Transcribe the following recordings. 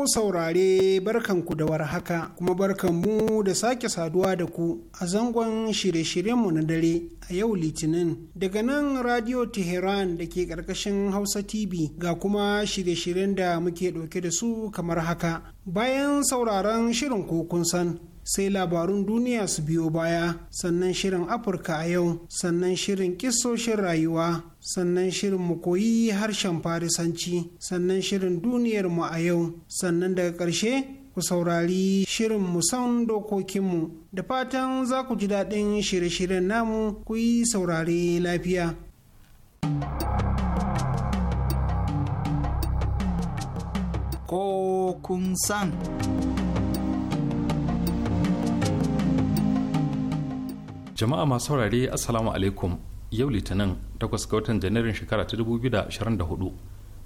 masu saurare barkanku da war haka kuma barkanmu da sake saduwa da ku a zangon shirye-shiryenmu na dare a yau litinin daga nan radio Teheran da ke ƙarƙashin hausa tv ga kuma shirye-shiryen da muke ɗauke da su kamar haka bayan sauraron shirin kokun san sai labarun duniya su biyo baya sannan shirin afirka a yau sannan shirin kisoshin rayuwa sannan shirin mu koyi harshen farisanci sannan shirin duniyar mu a yau sannan daga ƙarshe ku saurari shirin musan dokokinmu da fatan za ku ji daɗin shirye-shiryen namu ku yi saurare lafiya. Ko kun san. jama'a masu saurare assalamu alaikum yau litinin 8 ga watan janairun shekara ta 2024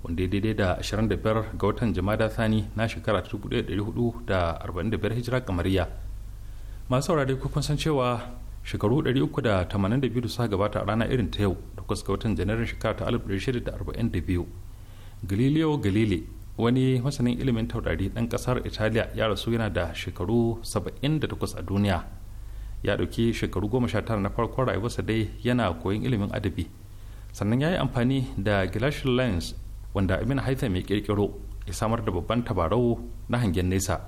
wanda ya daidai da 25 ga watan jama'a thani na shekara ta 1445 hijira kamariya masu saurare kun san cewa shekaru 382 da suka gabata a rana irin ta yau 8 ga watan janairun shekara ta 1642 galileo galile wani masanin ilimin taurari ɗan ƙasar italiya ya rasu yana da shekaru 78 a duniya ya ɗauki shekaru goma sha tara na farkon rayuwarsa dai yana koyon ilimin adabi sannan ya yi amfani da gilashin lens wanda ibn haifa mai kirkiro ya samar da babban tabarau na hangen nesa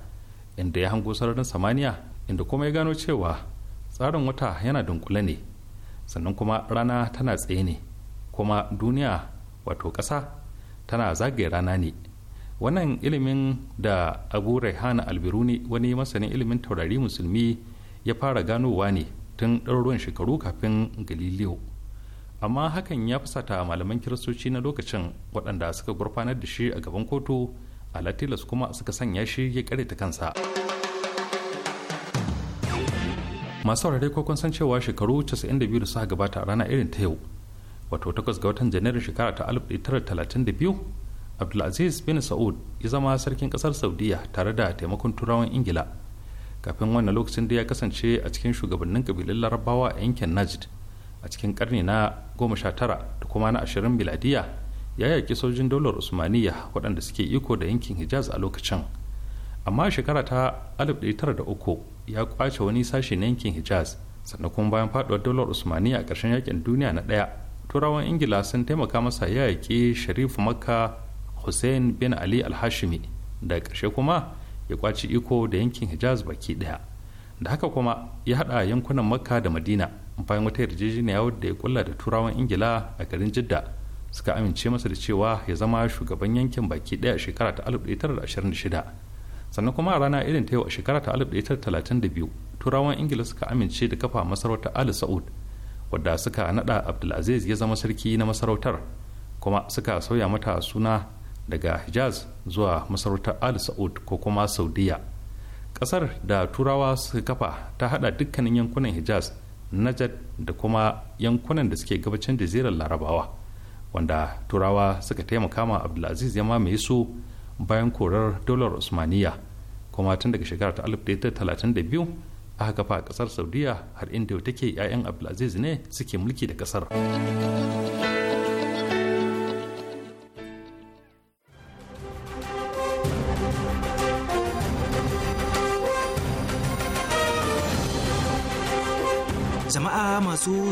inda ya hango sararin samaniya inda kuma ya gano cewa tsarin wata yana dunkule ne sannan kuma rana tana tsaye ne kuma duniya wato ƙasa tana zagaye rana ne wannan ilimin da abu raihana albiruni wani masanin ilimin taurari musulmi ya fara ganowa ne tun ɗaruruwan shekaru kafin galileo amma hakan ya fusata malaman kiristoci na lokacin waɗanda suka gurfanar da shi a gaban kotu a latilas kuma suka sanya shi ya ta kansa masu saurare ko kun san cewa shekaru 92 da suka gabata a rana irin ta yau wato 8 ga watan janairun shekara ta 1932 abdulaziz bin sa'ud ya zama sarkin kasar saudiya tare da taimakon turawan ingila kafin wannan lokacin da ya kasance a cikin shugabannin kabilun larabawa a yankin najd a cikin karni na goma sha tara da kuma na ashirin miladiya ya yaƙi sojin daular usmaniya waɗanda suke iko da yankin hijaz a lokacin amma shekara ta tara da uku ya kwace wani sashe na yankin hijaz sannan kuma bayan faɗuwar daular usmaniya a ƙarshen yakin duniya na ɗaya turawan ingila sun taimaka masa ya yaƙi sharif makka hussein bin ali alhashimi da ƙarshe kuma ya kwaci iko da yankin hijaz baki daya da haka kuma ya hada yankunan makka da madina bayan wata yarjejeniya wadda ya kulla da turawan ingila a garin jidda suka amince masa da cewa ya zama shugaban yankin baki daya a shekara ta 1926 sannan kuma a rana irin ta yau a shekara ta 1932 turawan ingila suka amince da kafa masarautar ali sa'ud wadda suka nada abdulaziz ya zama sarki na masarautar kuma suka sauya mata suna daga hijaz zuwa masarautar al sa'ud ko kuma saudiya kasar da turawa suka kafa ta hada dukkanin yankunan hijaz najad da kuma yankunan da suke gabacin jazirar larabawa wanda turawa suka taimaka ma abdulaziz ya mamaye su bayan korar daular usmaniya kuma tun daga shekara ta 1932 aka kafa a kasar saudiya har inda take 'ya'yan abdulaziz ne suke mulki da kasar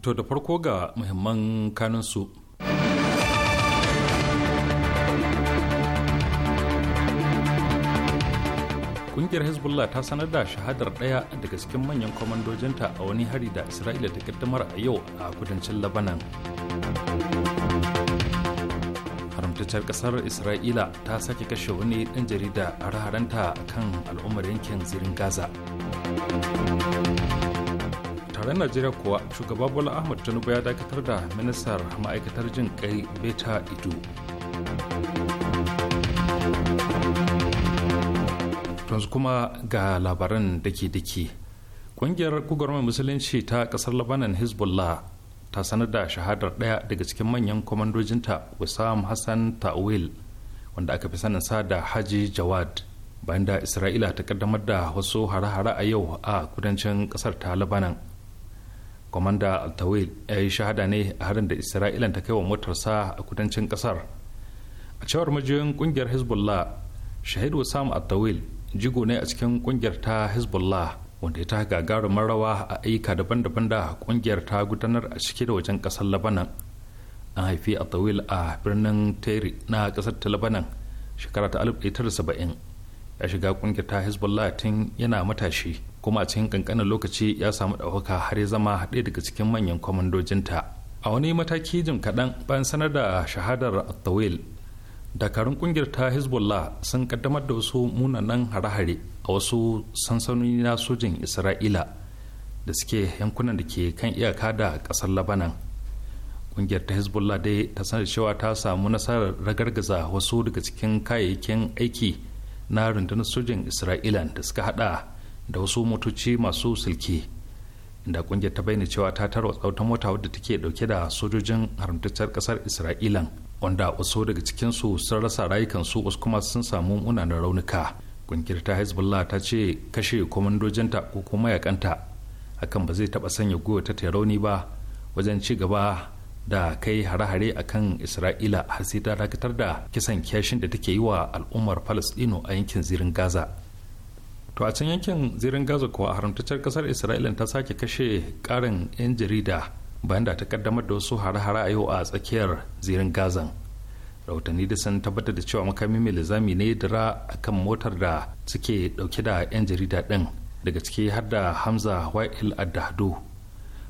To da farko ga muhimman kanunsu. Ƙungiyar Hezbollah ta sanar da shahadar ɗaya daga cikin manyan kwamandojinta a wani hari da Isra'ila ta kaddamar a yau a kudancin Labanan. haramtaccen ƙasar Isra'ila ta sake kashe wani ɗan jarida a raharanta kan al'ummar yankin zirin Gaza. taron najeriya kuwa shugaba bola ahmad tinubu ya dakatar da ministar ma'aikatar jin kai beta ido yanzu kuma ga labaran dake-dake ƙungiyar gugurmar musulunci ta kasar labanan hezbollah ta sanar da shahadar ɗaya daga cikin manyan kwamandojinta wissam hassan ta'wil wanda aka fi sanin sa da haji jawad bayan da isra'ila ta kaddamar da wasu hare-hare a yau a kudancin kasar ta labanan kwamanda altawil ya yi shahada ne a harin da isra'ila ta kai wa motarsa a kudancin kasar a cewar majiyoyin kungiyar hezbollah shahid sam altawil jigo ne a cikin kungiyar ta hezbollah wanda ya ta gagarumin rawa a ayyuka daban-daban da kungiyar ta gudanar a cike da wajen kasar labanan an haifi tawil a birnin teri na kasar ta labanan shekara ta 1970 ya shiga kungiyar ta hezbollah tun yana matashi kuma a cikin kankanin lokaci ya samu ɗaukaka har ya zama ɗaya daga cikin manyan kwamandojinta a wani mataki jim kaɗan bayan sanar da shahadar tawil dakarun kungiyar ta hezbollah sun kaddamar da wasu munanan hare-hare a wasu sansanoni na sojin isra'ila da suke yankunan da ke kan iyaka da ƙasar labanan kungiyar ta hezbollah dai ta sanar cewa ta samu nasarar ragargaza wasu daga cikin kayayyakin aiki na rundunar sojin isra'ila da suka hada da wasu motoci masu silki inda kungiyar ta bayyana cewa ta tarwa tsautar mota wadda take dauke da sojojin haramtaccen kasar isra'ilan wanda wasu daga cikinsu sun rasa rayukansu wasu kuma sun samu munanan raunuka kungiyar ta hezbollah ta ce kashe komandojinta ko kuma yakanta hakan ba zai taba sanya goyo ta rauni ba wajen ci gaba da kai hare-hare a kan isra'ila har sai ta dakatar da kisan kyashin da take yi wa al'ummar palestino a yankin zirin gaza to a can yankin zirin gaza kuwa haramtaccen kasar isra'ila ta sake kashe karin 'yan jarida bayan da ta kaddamar da wasu hare-hare a yau a tsakiyar zirin gazan rahotanni da sun tabbatar da cewa makami mai lizami ne dira a kan motar da suke dauke da 'yan jarida din daga ciki har da hamza wa'il adadu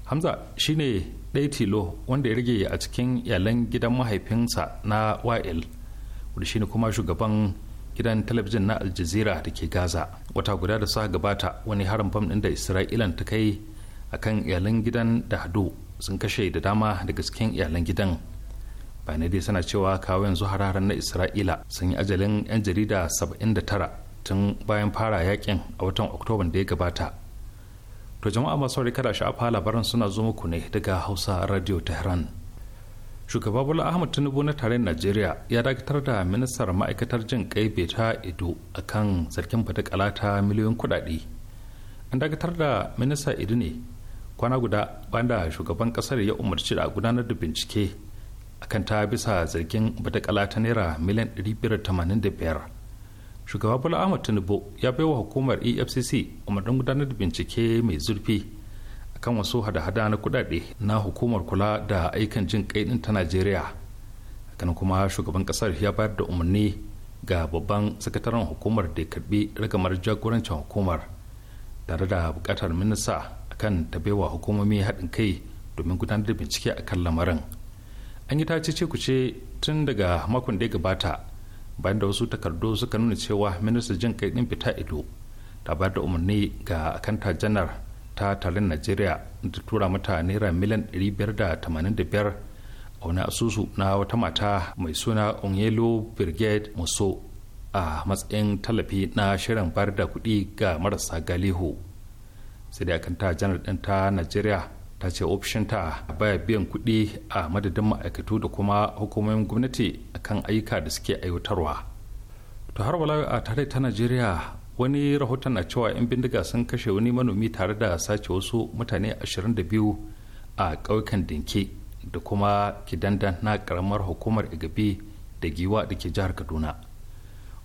hamza shine ɗaya tilo wanda ya rage a cikin iyalan gidan mahaifinsa na wa'il wanda shine kuma shugaban gidan talabijin na aljazira da ke gaza wata guda da sa gabata wani harin fam ɗin da isra'ilan ta kai a kan iyalan gidan da hado sun kashe da dama daga cikin iyalan gidan bayanai dai sana cewa kawo yanzu na isra'ila sun yi ajalin 'yan jarida 79 tun bayan fara yakin a watan oktoban da ya gabata to jama'a masu kada sha'afa labaran suna zo muku ne daga hausa radio tehran shugaba bola ahmad tinubu na tarayyar najeriya ya dakatar da ministar ma'aikatar jin kai beta a akan zargin fatakala kalata miliyoyin kudade an dakatar da minista idu ne kwana guda da shugaban kasar ya umarci da gudanar da bincike akan ta bisa zargin kala ta naira miliyan 585 shugaba bola ahmad tinubu ya bai wa hukumar efcc umarnin gudanar da bincike mai zurfi kan wasu hada-hada na kudade na hukumar kula da aikin jin kai din ta Najeriya kan kuma shugaban kasar ya bayar da umarni ga babban sakataren hukumar da karbi ragamar jagorancin hukumar tare da bukatar minista akan tabewa hukumomi haɗin kai domin gudanar da bincike a kan lamarin an yi tace ce kuce tun daga makon da ya gabata bayan da wasu takardu suka nuna cewa minista jin kai din fita ido ta bayar da umarni ga akanta janar ta tarin najeriya da tura mata naira miliyan 585 a wani asusu na wata mata mai suna onyelo brigade muso a matsayin tallafi na shirin bayar da kuɗi ga marasa galihu sai da kanta janar ɗin ta najeriya ta ce ofishinta baya biyan kuɗi a madadin ma'aikatu da kuma hukumomin gwamnati akan ayyuka da suke aiwatarwa to har walawi a tare ta najeriya wani rahoton na cewa 'yan bindiga sun kashe wani manomi tare da sace wasu mutane 22 a ƙauyukan dinke da kuma kidandan na ƙaramar hukumar igabi da giwa da ke jihar kaduna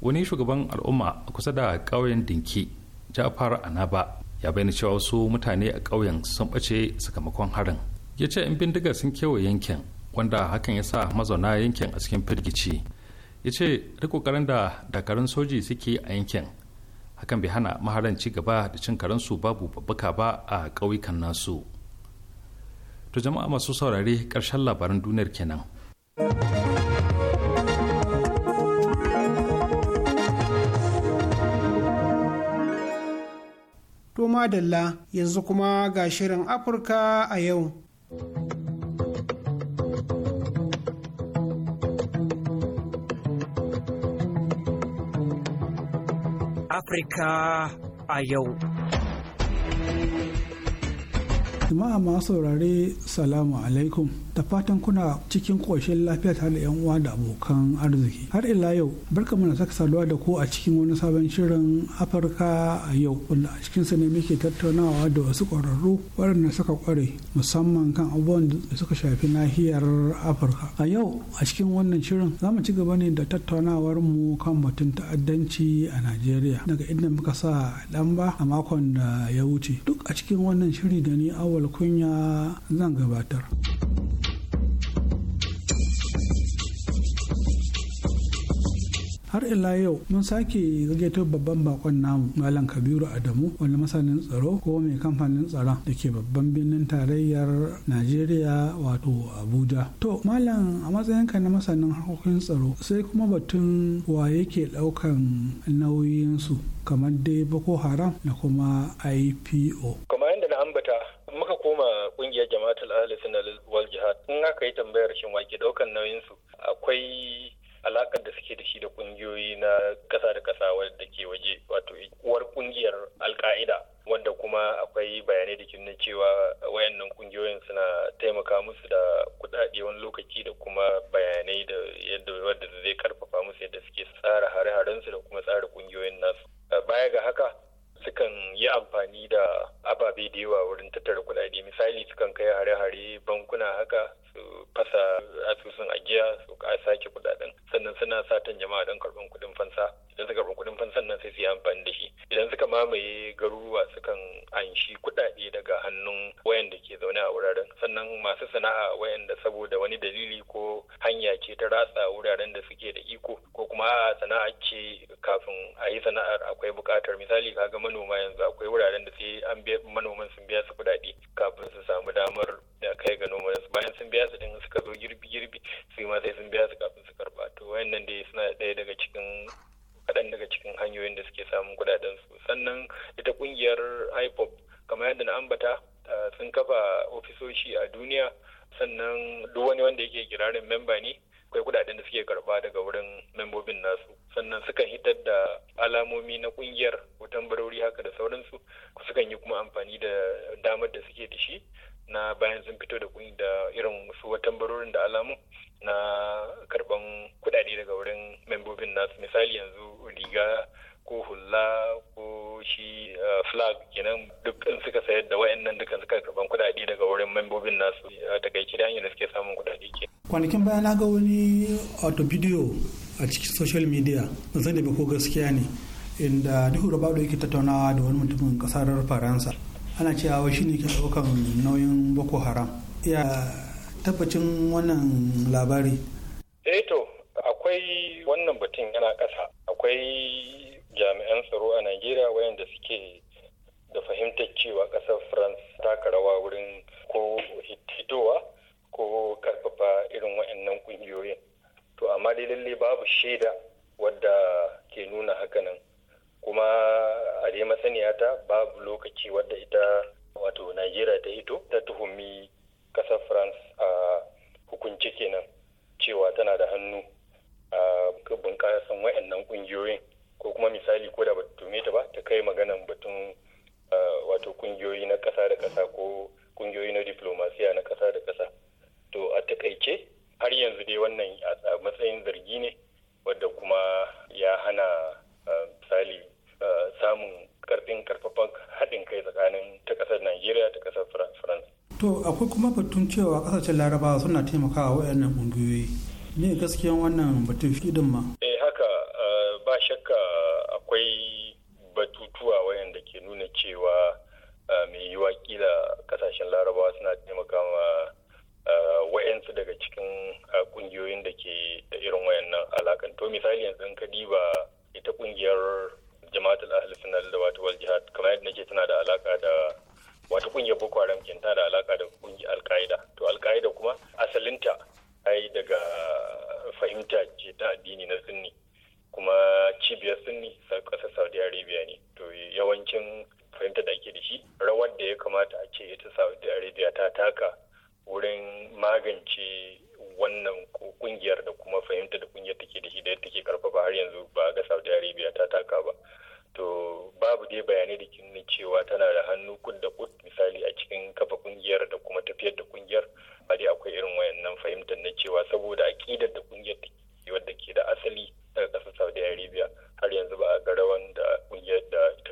wani shugaban al'umma kusa da ƙauyen dinke jafar anaba ya bayyana cewa wasu mutane a ƙauyen sun ɓace sakamakon harin ya ce 'yan bindiga sun kewa yankin wanda hakan ya sa mazauna yankin a cikin firgici ya ce duk ƙoƙarin da dakarun soji suke a yankin akan bai hana maharan ci gaba da cin karensu babu babbaka ba a ƙauyukan nasu to jama'a masu saurare ƙarshen labaran duniyar kenan to madalla yanzu kuma ga shirin afirka a yau Afirka a yau. Jama'a masu saurare, Salamu alaikum. da fatan kuna cikin ƙoshin lafiya tare da yan uwa da abokan arziki har ila yau barka mana saka saduwa da ku a cikin wani sabon shirin afirka a yau wanda a cikin sa ne muke tattaunawa da wasu ƙwararru waɗanda suka ƙware musamman kan abubuwan da suka shafi nahiyar afirka a yau a cikin wannan shirin za mu ci gaba ne da tattaunawar mu kan batun ta'addanci a najeriya daga inda muka sa lamba a makon da ya wuce duk a cikin wannan shiri da ni awal kunya zan gabatar. har ila yau mun sake zagaito babban bakon namu malam kabiru adamu wani masanin tsaro ko mai kamfanin tsaron da ke babban birnin tarayyar najeriya wato abuja to malam a matsayinka na masanin harkokin tsaro sai kuma batun wa yake daukan nauyinsu kamar dai boko haram da kuma ipo kamar yadda na ambata muka koma kungiyar jama'atul ahli sunna wal jihad in aka yi tambayar shin ke daukan nauyin su akwai alakar da suke da shi da kungiyoyi na kasa da kasa wadda ke waje wato uwar kungiyar alka'ida wanda kuma akwai bayanai da ke nuna cewa wayannan kungiyoyin suna taimaka musu da kudade wani lokaci da kuma bayanai da yadda wadda zai karfafa musu yadda suke tsara hare-harensu da kuma tsara kungiyoyin nasu baya ga haka sukan yi amfani da ababe da yawa wurin tattara kudade misali sukan kai hare-hare bankuna haka su fasa asusun ajiya giya su sake kudaden sannan suna satan jama'a don karban kudin fansa idan suka karban kudin fansa nan sai su yi amfani da shi idan suka mamaye garuruwa sukan anshi kudade daga hannun wayanda ke zaune a wuraren sannan masu sana'a wayanda saboda wani dalili ko hanya ce ta ratsa wuraren da suke da iko ko kuma sana'a ce kafin a yi sana'ar akwai bukatar misali kaga manoma yanzu akwai wuraren da sai an biya manoman sun biya su kudade kafin su samu damar da kai ga noma bayan sun biya su din suka zo girbi girbi su ma sai sun biya su kafin su karba to wayannan dai suna ɗaya daga cikin kaɗan daga cikin hanyoyin da suke samun kudaden su sannan ita kungiyar ipop kamar yadda na ambata ah, sun kafa ofisoshi a duniya sannan duk wani wanda yake kirarin memba ne akwai kudaden da suke karba daga wurin membobin nasu sannan sukan hitar da alamomi na kungiyar ko tambarori haka da sauransu sukan yi kuma amfani da damar da suke da shi na bayan sun fito da kuɗi da irin su watan da alamu na karban kuɗaɗe daga wurin membobin nasu misali yanzu riga ko hula ko shi eh, flag kenan duk in suka sayar da wayannan dukkan suka karban kuɗaɗe daga wurin membobin nasu a takaice da hanyar suke samun kuɗaɗe ke. kwanakin bayana na ga wani wato bidiyo a cikin social media na sani ba ko gaskiya ne inda rubar da yake tattaunawa da wani mutumin kasar faransa ana cewa shi ne ke daukan nauyin boko haram ya tabbacin wannan labari eh to akwai wannan batun yana ƙasa akwai jami'an tsaro a nigeria wayanda suke da fahimtar cewa ƙasar france ta rawa wurin ko hitowa ko karfafa irin wayannan ƙungiyoyin to amma dai lalle babu shaida wadda ke nuna hakanan kuma a dai masaniya ta babu lokaci wadda ita wato najeriya ta hito ta tuhumi kasar france a hukunci kenan cewa tana da hannu a bunƙasan wayannan ƙungiyoyin ko kuma misali ko da ba tume ta ba ta kai maganan batun wato ƙungiyoyi na ƙasa da ƙasa ko ƙungiyoyi na diplomasiya na ƙasa da ƙasa to a takaice har yanzu dai wannan a matsayin zargi ne wadda kuma ya hana misali samun karfin karfafan haɗin kai tsakanin ta ƙasar najeriya ta ƙasar france. to akwai kuma batun cewa ƙasashen larabawa suna taimakawa waɗannan ƙungiyoyi ne gaskiyan wannan batun shidin ma eh haka ba shakka akwai batutuwa wayanda ke nuna cewa mai yiwuwa kila ƙasashen larabawa suna taimakawa wa'yansu daga cikin ƙungiyoyin da ke da irin wayannan alakan to misali yanzu ka diba ita ƙungiyar jama'atul ahli sunna da wato wal jihad kamar yadda nake tana da alaka da wata kungiyar boko haram kin tana da alaka da kungiyar alkaida to alkaida kuma asalinta ai daga fahimta ce ta addini na sunni kuma cibiyar sunni ƙasar saudi arabia ne to yawancin fahimta da ake da shi rawar da ya kamata a ce ita saudi arabia ta taka wurin magance wannan kungiyar da kuma fahimta da kungiyar take da shi da take karfafa har yanzu ba ga saudi arabia ta taka ba to babu dai bayanai da kin cewa tana da hannu kun da kut misali a cikin kafa kungiyar da kuma tafiyar da kungiyar ba dai akwai irin wayannan fahimtar na cewa saboda aƙidar da kungiyar take wadda ke da asali daga kasar Saudi Arabia har yanzu ba a ga rawan da kungiyar da ta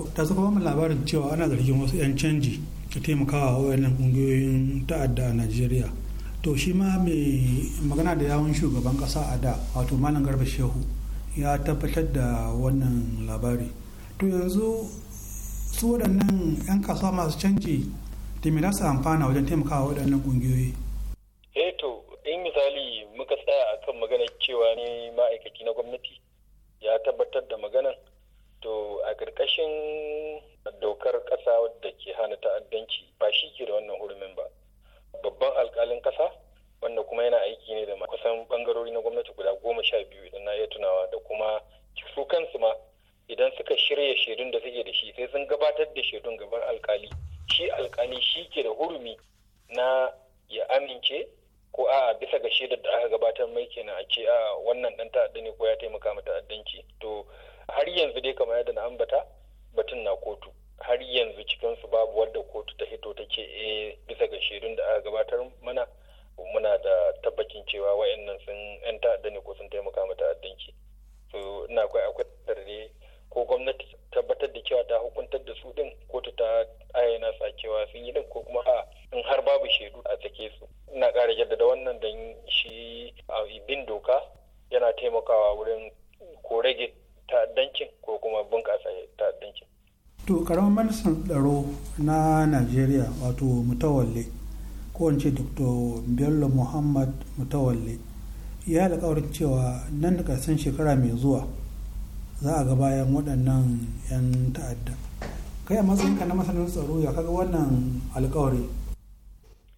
to ta saka labarin cewa ana zargin wasu 'yan canji da taimakawa wayannan ƙungiyoyin ta'adda a najeriya to shi ma mai magana da yawon shugaban ƙasa a da wato malam garba shehu ya tabbatar da wannan labari to yanzu su waɗannan 'yan kasuwa masu canji da me za amfana wajen taimakawa waɗannan ƙungiyoyi. taimakawa wurin ko rage ta'addancin ko kuma bunƙasa ta'addancin. to karamar manisan tsaro na najeriya wato mutawalle ko wance dr bello muhammad mutawalle ya alƙawarin cewa nan da ƙarshen shekara mai zuwa za a ga bayan waɗannan 'yan ta'adda kai a matsayinka na masanin tsaro ya kaga wannan alƙawari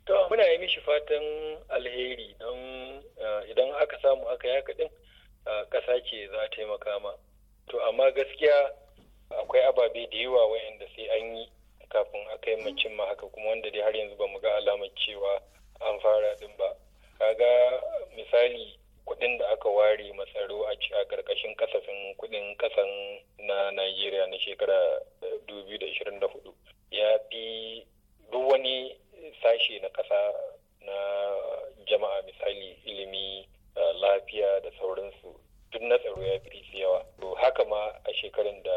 to muna yi mishi fatan alheri don eh, idan aka samu aka yaka ƙasa ce za ta yi makama to amma gaskiya akwai ababe da yawa wayanda sai an yi kafin a kai macin ma haka kuma wanda dai har yanzu ba mu ga alamar cewa an fara din ba kaga misali kuɗin da aka ware matsaro a ƙarƙashin kasafin kuɗin ƙasan na Najeriya na shekara 2024 ya fi duk wani sashe na ƙasa na jama'a misali ilimi lafiya da sauransu duk na tsaro ya fi yawa to haka ma a shekaran da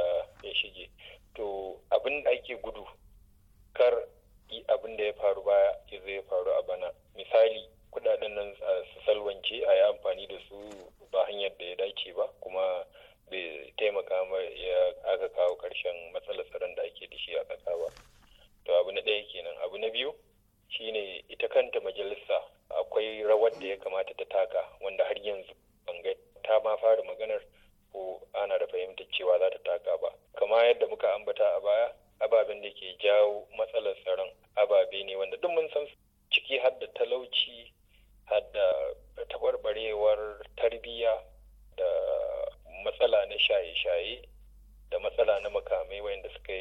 ya shige to abin da ake gudu kar abin da ya faru baya ya zai faru a bana misali kudaden nan su salwance a yi amfani da su ba hanyar da ya dace ba kuma bai taimaka ma ya aka kawo karshen matsalar tsaron da ake da shi a ƙasa ba to abu na ɗaya kenan abu na biyu shine ita kanta majalisa akwai rawar da ya kamata ta taka wanda har yanzu ban ga ta ma fara maganar ko ana da fahimtar cewa za ta taka ba kama yadda muka ambata a baya ababen da ke jawo matsalar tsaron ababe ne wanda duk mun san ciki har da talauci har da taɓarɓarewar tarbiyya da matsala na shaye-shaye da matsala na makamai wayanda suka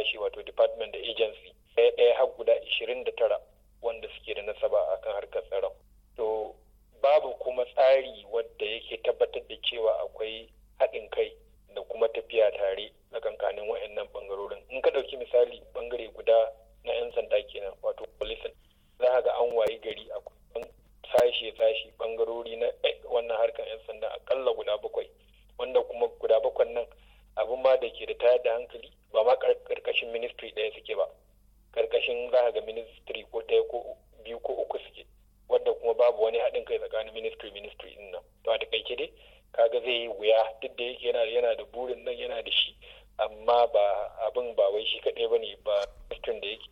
sashi wato department da agency ɗaya ɗaya har guda ishirin da tara wanda suke da nasaba akan harkar tsaro to babu kuma tsari wadda yake tabbatar da cewa akwai haɗin kai da kuma tafiya tare na kankanin wa'annan bangarorin in ka ɗauki misali bangare guda na 'yan sanda kenan wato police za ga an wayi gari kusan sashe sashe bangarori na wannan harkar 'yan sanda akalla guda bakwai wanda kuma guda bakwan nan abin ma da ke da tayar da hankali ba ma karkashin ministry ɗaya suke ba karkashin za ka ga ministry ko ɗaya ko biyu ko uku suke wadda kuma babu wani haɗin kai tsakanin ministry ministry din nan to a takaice dai kaga zai yi wuya duk da yake yana yana da burin nan yana da shi amma ba abin ba wai shi kaɗai ne ba ministry da yake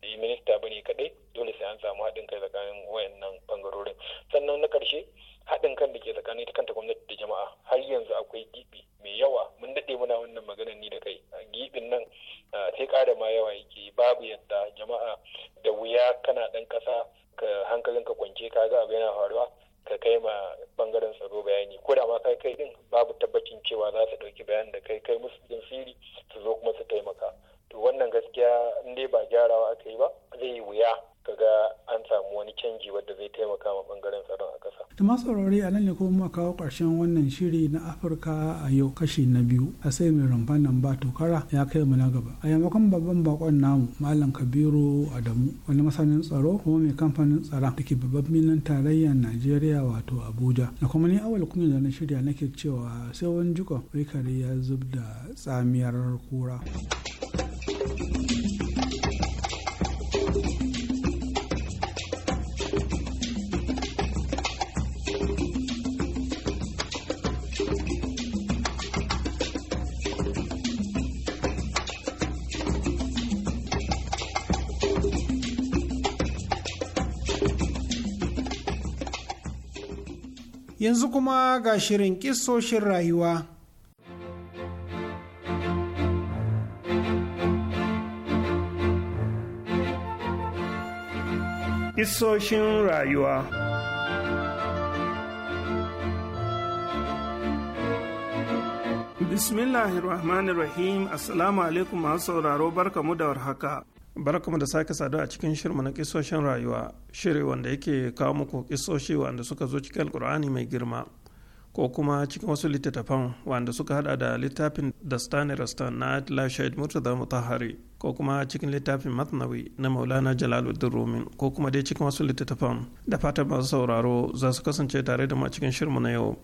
da yi minista ba ne kaɗai dole sai an samu haɗin kai tsakanin wayannan bangarorin sannan na ƙarshe haɗin kan da ke tsakanin ta kanta gwamnati da jama'a har yanzu akwai gibi mai yawa mun daɗe muna wannan maganar ni da kai gibin nan sai ƙara ma yawa yake babu yadda jama'a da wuya kana ɗan ƙasa ka ka kwance ka ga abu yana faruwa ka kai ma bangaren tsaro bayani ko da ma kai kai din babu tabbacin cewa za su ɗauki bayan da kai kai musu jin siri su zo kuma su taimaka to wannan gaskiya in dai ba gyarawa aka yi ba zai yi wuya kaga an samu wani canji wadda zai taimaka ma bangaren tsaron a ƙasa. ta masu saurari a nan ne kuma muka kawo ƙarshen wannan shiri na afirka a yau kashi na biyu a sai mai rumfan nan ba tokara ya kai mu na gaba a yamakon babban bakon namu malam kabiru adamu wani masanin tsaro kuma mai kamfanin tsara. da ke babban minan tarayyar najeriya wato abuja na kuma ni awal kunya da na shirya nake cewa sai wani jikon wai kare ya zub da tsamiyar kura. thank you yanzu kuma ga shirin kissoshin rayuwa. Kissoshin rayuwa Bismillahirrahmanirrahim Assalamu alaikum masu sauraro barkamu da warhaka. barkamu da sake sadu a cikin shirma na kisoshin rayuwa shiri wanda yake kawo muku kisoshi wanda suka zo cikin alkur'ani mai girma ko kuma cikin wasu littattafan wanda suka hada da littafin da stanley rastan na atila shahid mutahari ko kuma cikin littafin matnawi na maulana jalaluddin rumin ko kuma dai cikin wasu littattafan da fatan masu sauraro za su kasance tare da mu cikin shirmu na yau.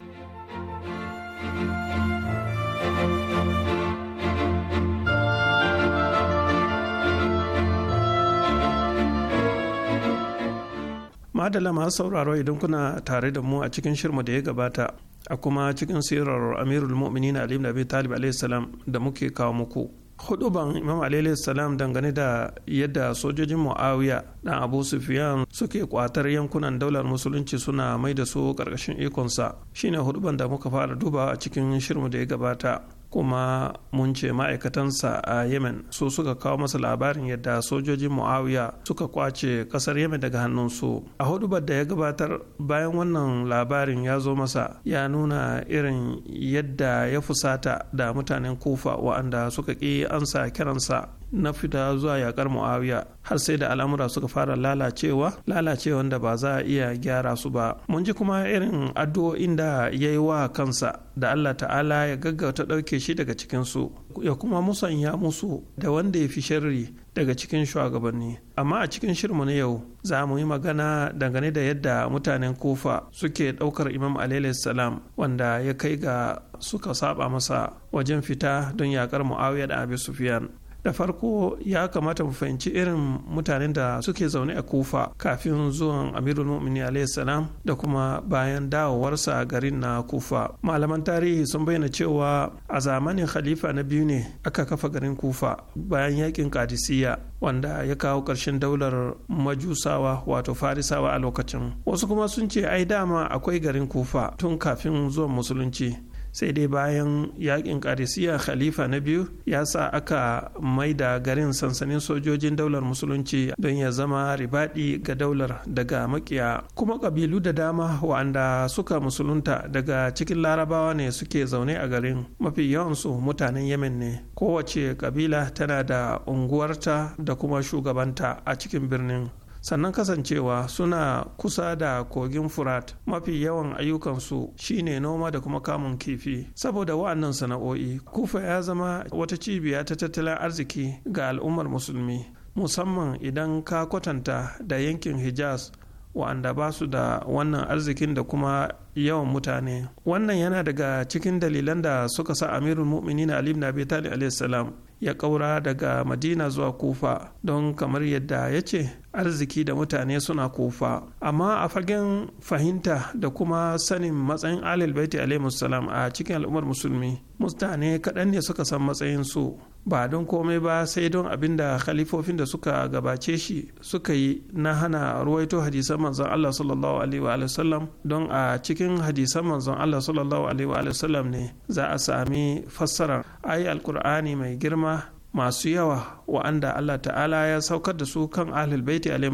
madala masu sauraro idan kuna tare da mu a cikin shirma da ya gabata a kuma cikin sirar amirul mu'minin ali ibn abi talib alayhi da muke kawo muku huduban imam alayhi salam dangane da yadda sojojin muawiya dan abu sufyan suke kwatar yankunan daular musulunci suna mai da su karkashin ikonsa shine huduban da muka fara dubawa a cikin shirma da ya gabata kuma mun ce ma'aikatansa a yemen su suka kawo masa labarin yadda sojojin muawiya suka kwace kasar yemen daga hannunsu a hudubar da ya gabatar bayan wannan labarin ya zo masa ya nuna irin yadda ya fusata da mutanen kufa wa'anda suka ƙi ansa kiransa na fita zuwa yakar muawiya har sai da al'amura suka fara lalacewa lalacewa da ba za a iya gyara su ba mun ji kuma irin addu'o'in da ya yi wa kansa da allah ta'ala ya gaggauta ɗauke shi daga cikinsu ya kuma musanya musu da wanda ya fi sharri daga cikin shugabanni amma a cikin shirmu na yau za mu yi magana dangane da yadda mutanen kofa suke ɗaukar imam alaihi salam wanda ya kai ga suka saba masa wajen fita don yakar mu'awiyar abu abi sufiyan da farko ya kamata mu fahimci irin mutanen da suke zaune a kufa kafin zuwan amirul mu'mini salam da kuma bayan dawowarsa garin na kufa malaman tarihi sun bayyana cewa a zamanin khalifa na biyu ne aka kafa garin kufa bayan yakin kadisiya wanda ya kawo ƙarshen daular majusawa wato farisawa a lokacin wasu kuma sun ce ai dama akwai garin kufa tun kafin zuwan musulunci sai dai bayan yakin karisiya khalifa na biyu ya sa aka maida garin sansanin sojojin daular musulunci don ya zama ribadi ga daular daga makiya kuma kabilu da dama wa'anda suka musulunta daga cikin larabawa ne suke zaune a garin mafi yawansu mutanen yemen ne kowace kabila tana da unguwarta da kuma shugabanta a cikin birnin sannan kasancewa suna kusa da kogin furat mafi yawan ayyukansu shine noma da kuma kamun kifi saboda wa'annan sana'o'i kufa ya zama wata cibiya ta tattalin arziki ga al'ummar musulmi musamman idan ka kwatanta da yankin hijaz wa'anda ba su da wannan arzikin da kuma yawan mutane wannan yana daga cikin dalilan da suka sa amirul mu'minin ali ibn abi talib alayhi salam ya ƙaura daga madina zuwa kufa don kamar yadda ya ce arziki da mutane suna kufa amma a fagen fahimta da kuma sanin matsayin alil baiti alaihi a cikin al'ummar musulmi mutane kaɗan ne suka san matsayin su ba don komai ba sai don abin da khalifofin da suka gabace shi suka yi na hana ruwaito hadisan manzon Allah sallallahu alaihi wa sallam don a cikin hadisan manzon Allah sallallahu alaihi wa sallam ne za a sami fassarar ayi alkur'ani mai girma masu yawa wa'anda Allah ta'ala ya saukar da su kan ahlul baiti alaihi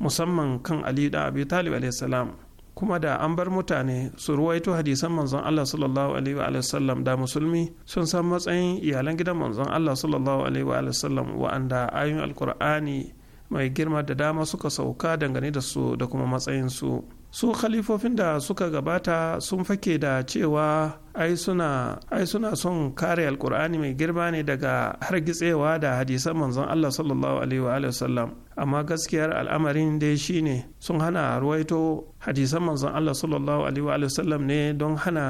musamman kan Ali da Abi Talib alaihi kuma da an bar mutane su ruwaito hadisan manzon Allah sallallahu alaihi wa sallam da musulmi sun san matsayin iyalan gidan manzon Allah sallallahu alaihi wa sallam wa'anda ayoyin alkur'ani mai girma da dama suka sauka dangane da su da kuma matsayin su su khalifofin da suka gabata sun fake da cewa ai suna son kare alkur'ani mai girma ne daga har hargitsewa da hadisan manzon Allah sallallahu alaihi wa sallam amma gaskiyar al'amarin dai shine sun hana ruwaito hadisan manzon Allah sallallahu alaihi wa sallam ne don hana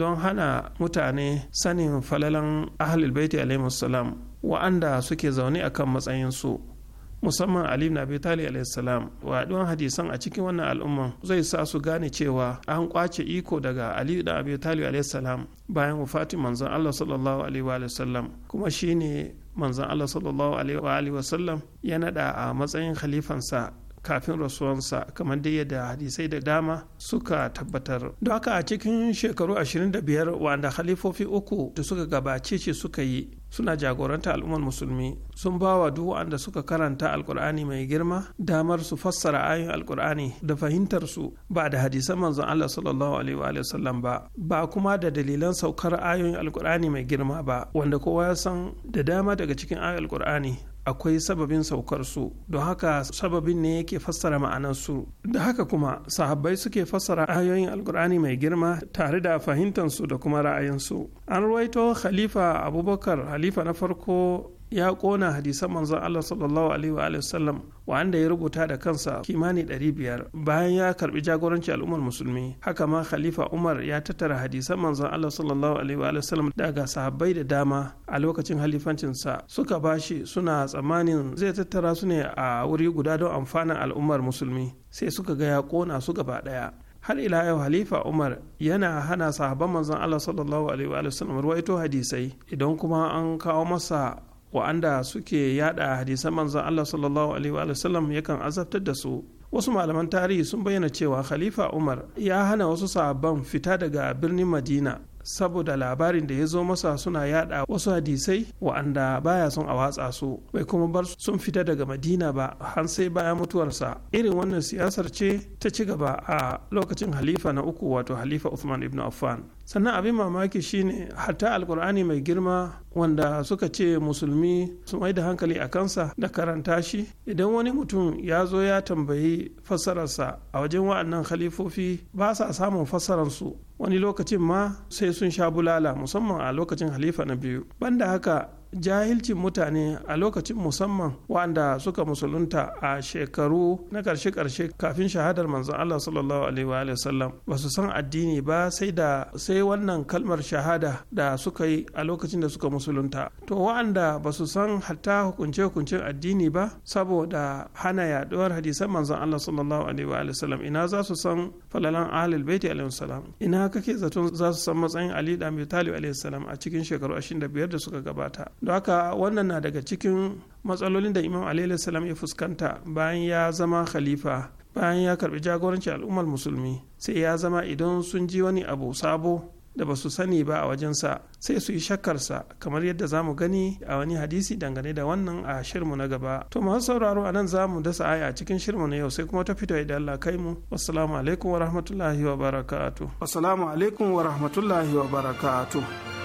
don hana mutane sanin falalan ahlul baiti alaihi salam wa'anda suke zaune akan matsayinsu musamman ali na bitali Salam waɗuwan hadisan a cikin wannan al'umman zai sa su gane cewa an kwace iko daga ali da abi talib Salam bayan wafatin manzon allah sallallahu alaihi wa sallam kuma shine manzon allah sallallahu alaihi wa sallam ya naɗa a matsayin khalifansa kafin rasuwansa kamar dai yadda hadisai da dama suka tabbatar don haka a cikin shekaru 25 wanda halifofi uku da suka gabace ce suka yi suna jagoranta al'ummar musulmi sun ba wa duk wanda suka karanta alkur'ani mai girma damar su fassara ayoyin alkur'ani da fahimtar su ba da hadisan manzon Allah sallallahu alaihi wa sallam ba ba kuma da dalilan saukar ayoyin alkur'ani mai girma ba wanda kowa ya san da dama daga cikin ayoyin alkur'ani akwai sababin saukar su don haka sababin ne yake fassara ma'anar su da haka kuma sahabbai suke fassara ayoyin alkur'ani mai girma tare da fahimtansu da kuma ra'ayinsu an ruwaito khalifa abubakar halifa na farko ya kona hadisan manzon Allah sallallahu alaihi wa sallam wanda ya rubuta da kansa kimani 500 bayan ya karbi jagoranci al'ummar musulmi haka ma khalifa Umar ya tattara hadisan manzon Allah sallallahu alaihi wa sallam daga sahabbai da dama a lokacin halifancinsa suka bashi suna tsammanin zai tattara su ne a wuri guda don amfanin al'ummar musulmi sai suka ga ya kona su gaba daya har ila yau halifa umar yana hana sahaban manzon allah sallallahu alaihi wa sallam ruwaito hadisai idan kuma an kawo masa wa'anda suke yada hadisan manzon Allah sallallahu alaihi wa sallam yakan azabtar da su wasu malaman tarihi sun bayyana cewa khalifa umar ya hana wasu sahabban fita daga birnin madina saboda labarin da ya zo masa suna yada wasu hadisai wa'anda baya son a watsa su bai kuma bar sun fita daga madina ba har sai bayan mutuwarsa irin wannan siyasar ce ta ci gaba a lokacin halifa na uku wato halifa uthman ibn affan sannan abin mamaki shine hatta alkur'ani mai girma wanda suka ce musulmi su mai da hankali a kansa da karanta shi idan wani mutum ya zo ya tambayi fassararsa a wajen wa'annan khalifofi ba sa samun fassararsu wani lokacin ma sai sun sha bulala musamman a lokacin halifa na biyu banda haka jahilcin mutane a lokacin musamman wanda suka musulunta a shekaru na karshe-karshe kafin shahadar manzon Allah sallallahu alaihi wa sallam ba su san addini ba sai da sai wannan kalmar shahada da suka yi a lokacin da suka musulunta to wa'anda ba su san hatta hukunce-hukuncen addini ba saboda hana yaduwar hadisan manzon Allah sallallahu alaihi wa sallam ina za su san falalan ahlul baiti alaihi salam ina kake zaton za su san matsayin Ali da Abi Talib alaihi salam a cikin shekaru 25 da suka gabata da haka wannan na daga cikin matsalolin da imam alayhi salam ya fuskanta bayan ya zama khalifa bayan ya karbi jagoranci al'ummar musulmi sai ya zama idan sun ji wani abu sabo da ba su sani ba a wajensa sai su yi shakkarsa kamar yadda za mu gani a wani hadisi dangane da wannan a shirmu na gaba to masu sauraro a nan za mu dasa aya a cikin shirmu na yau sai kuma ta fito idan Allah kai mu alaikum wa rahmatullahi wa assalamu alaikum wa rahmatullahi wa barakatuh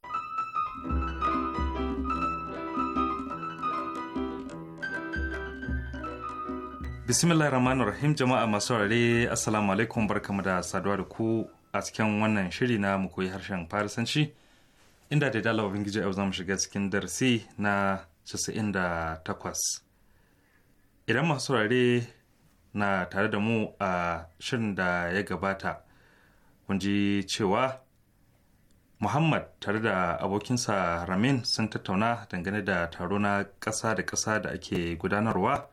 Bismillah Rahim jama'a masu saurare Assalamu alaikum barkamu da saduwa da ku a cikin wannan shiri na mu koyi harshen Farisanci inda da dala Ubangiji yau za shiga cikin darasi na 98. Idan masu saurare na tare da mu a shirin da ya gabata kun ji cewa Muhammad tare da abokinsa Ramin sun tattauna dangane da taro na ƙasa da ƙasa da ake gudanarwa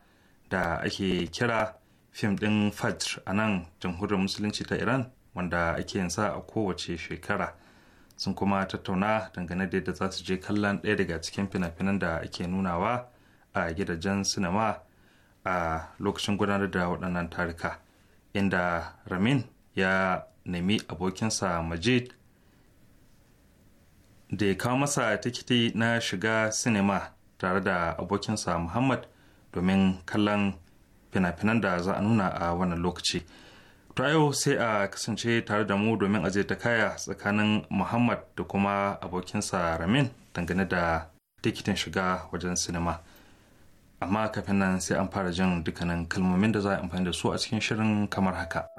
da ake kira fim ɗin fajr a nan jamhuriyar musulunci ta iran wanda ake yin sa a kowace shekara sun kuma tattauna dangane da yadda za su je kallon ɗaya daga cikin fina-finan da ake nunawa a gidajen sinima a lokacin gudanar da waɗannan tarika inda ramin ya nemi abokinsa majid da ya kawo masa tikiti na shiga sinima tare da abokinsa muhammad domin kallon fina-finan da za a nuna a wannan lokaci. To yau sai a kasance tare da mu domin aje ta kaya tsakanin Muhammad da kuma abokinsa Ramin dangane da tikitin shiga wajen sinima. Amma kafin nan sai an fara jin dukkanin kalmomin da za a amfani da su a cikin shirin kamar haka.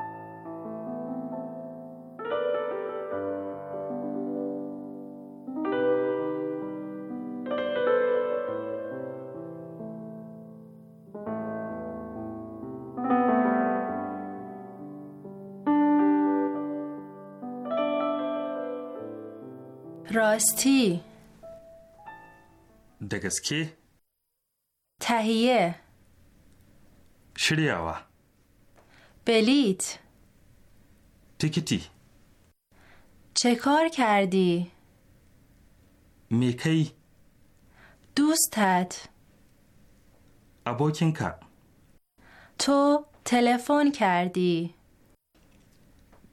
راستی دگسکی تهیه شریعوا بلیت تیکتی چه کار کردی؟ میکی دوستت ابوکینکا تو تلفن کردی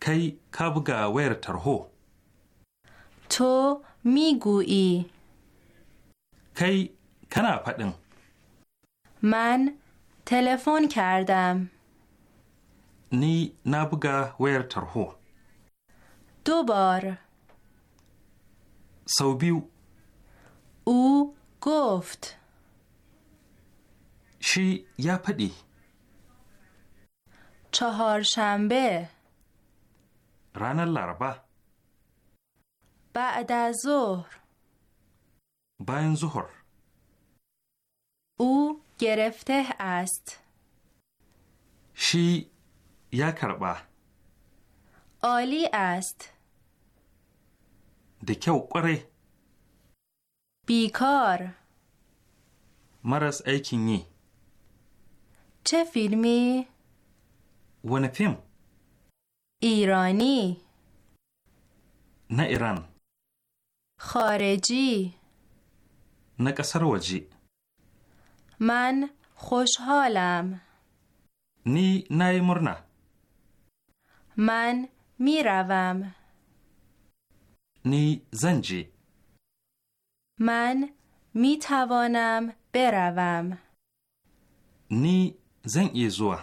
کی کابگا ویر ترهو تو میگویی کی کنا فدن من تلفن کردم نی نابگا ویر ترهو دو بار سوبیو او گفت شی یا پدی چهارشنبه ران لربه بعد از ظهر باین ظهر او گرفته است شی یا کربا عالی است و قره بیکار مرس ایکینی چه فیلمی؟ ون فیلم ایرانی نه ایران خارجی نکسروجی. من خوشحالم. نی نای مرنه من میروم. نی زنجی. من می توانم بروم. نی زن زوا.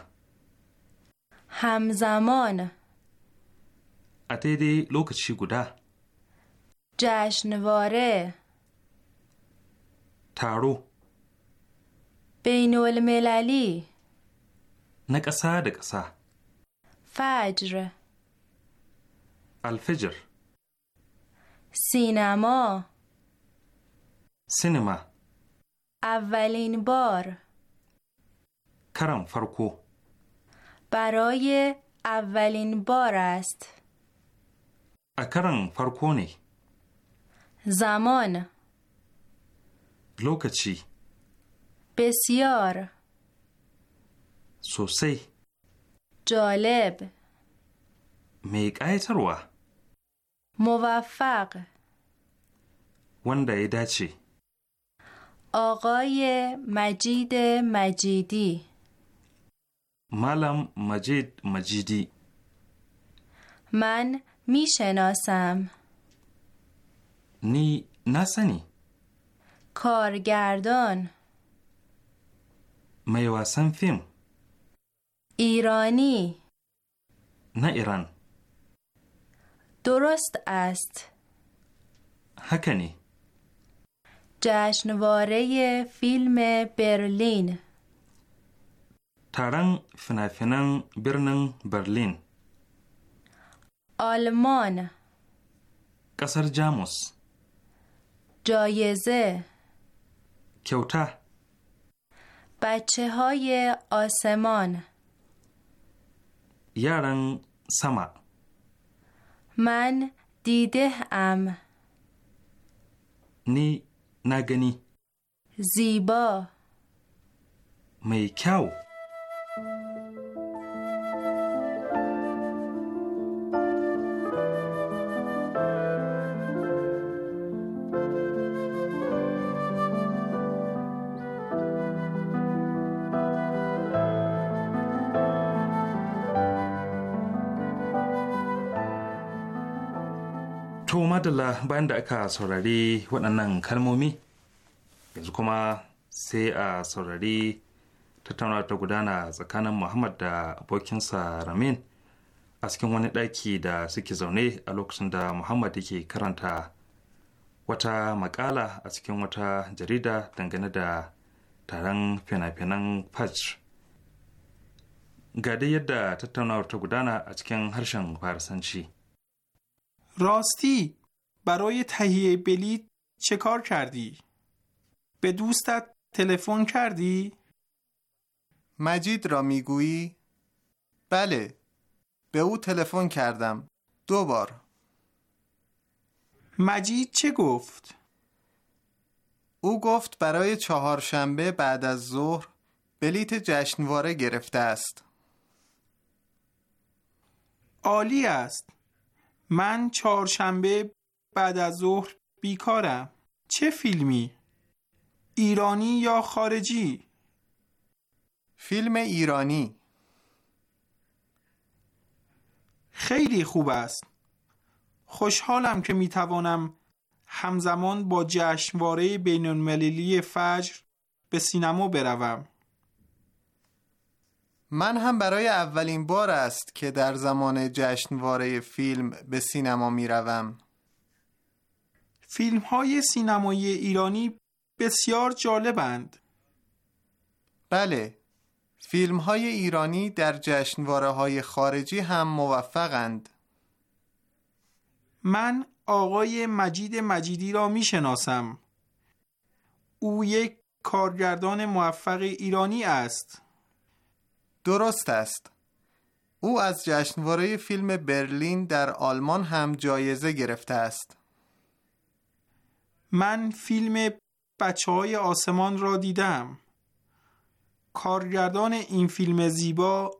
همزمان. اتیدی لوکچی گوده. جشنواره تارو بین المللی na ƙasa فجر. الفجر سینما سینما. اولین بار کرم فرکو برای اولین بار است اکرم فرکو زمان لوکچی بسیار سوسی جالب ایتروا موفق ونده ی آقای مجید مجیدی مالم مجید مجیدی من میشناسم نی نسنی کارگردان میواسن فیلم ایرانی نه ایران درست است هکنی جشنواره فیلم برلین ترن فنافنن برنن برلین آلمان کسر جاموس جایزه کیوته بچه های آسمان یارن سما من دیده ام نی نگنی زیبا میکاو bayan da aka saurari waɗannan kalmomi yanzu kuma sai a saurari tattaunawa ta gudana tsakanin muhammad da abokinsa ramin a cikin wani ɗaki da suke zaune a lokacin da muhammad yake karanta wata makala a cikin wata jarida dangane da taron fina-finan patch ga dai yadda tattaunawar ta gudana a cikin harshen farisanci. Rosti برای تهیه بلیت چه کار کردی؟ به دوستت تلفن کردی؟ مجید را میگویی؟ بله به او تلفن کردم دو بار مجید چه گفت؟ او گفت برای چهارشنبه بعد از ظهر بلیت جشنواره گرفته است عالی است من چهارشنبه بعد از ظهر بیکارم چه فیلمی؟ ایرانی یا خارجی؟ فیلم ایرانی خیلی خوب است خوشحالم که می توانم همزمان با جشنواره بین المللی فجر به سینما بروم من هم برای اولین بار است که در زمان جشنواره فیلم به سینما می روم فیلم های سینمایی ایرانی بسیار جالبند بله فیلم های ایرانی در جشنواره های خارجی هم موفقند من آقای مجید مجیدی را می شناسم او یک کارگردان موفق ایرانی است درست است او از جشنواره فیلم برلین در آلمان هم جایزه گرفته است من فیلم بچه های آسمان را دیدم کارگردان این فیلم زیبا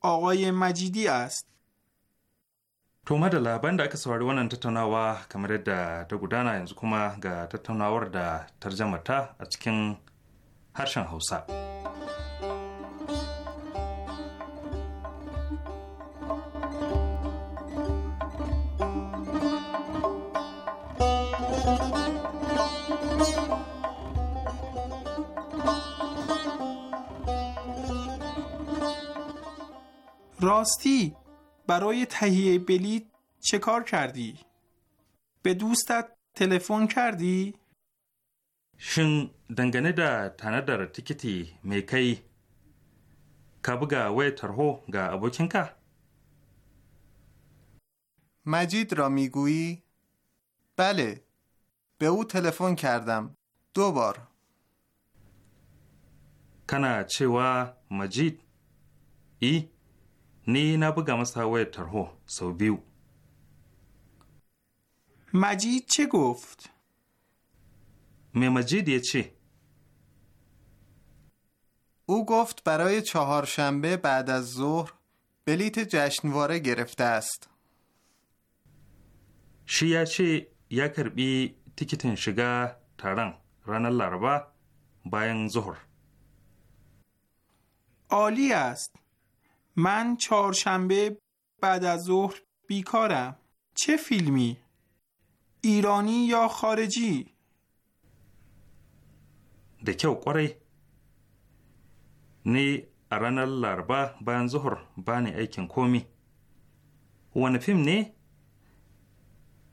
آقای مجیدی است تو مده لابند اکه سواری وانا تتاناوه کمره دا دگودانا انزو کما گا تتاناوه دا ترجمه تا اچکن هرشان هرشن موسیقی راستی برای تهیه بلیط چه کار کردی؟ به دوستت تلفن کردی؟ شن دنگنه دا تانه تیکتی میکی کبگا وی ترهو گا ابو مجید را میگویی؟ بله به او تلفن کردم دو بار کنا چه و مجید ای؟ نی نه بگم از هوای ترهو سو بیو مجید چه گفت؟ می مجید یه چی؟ او گفت برای چهارشنبه بعد از ظهر بلیت جشنواره گرفته است. شی یا یا کربی تیکتن شگا تران ران لاربا باین ظهر. عالی است. من چهارشنبه بعد از ظهر بیکارم چه فیلمی ایرانی یا خارجی دکه اوکوری نی ارانال لاربا بان ظهر بان ایکن کومی وان فیلم نی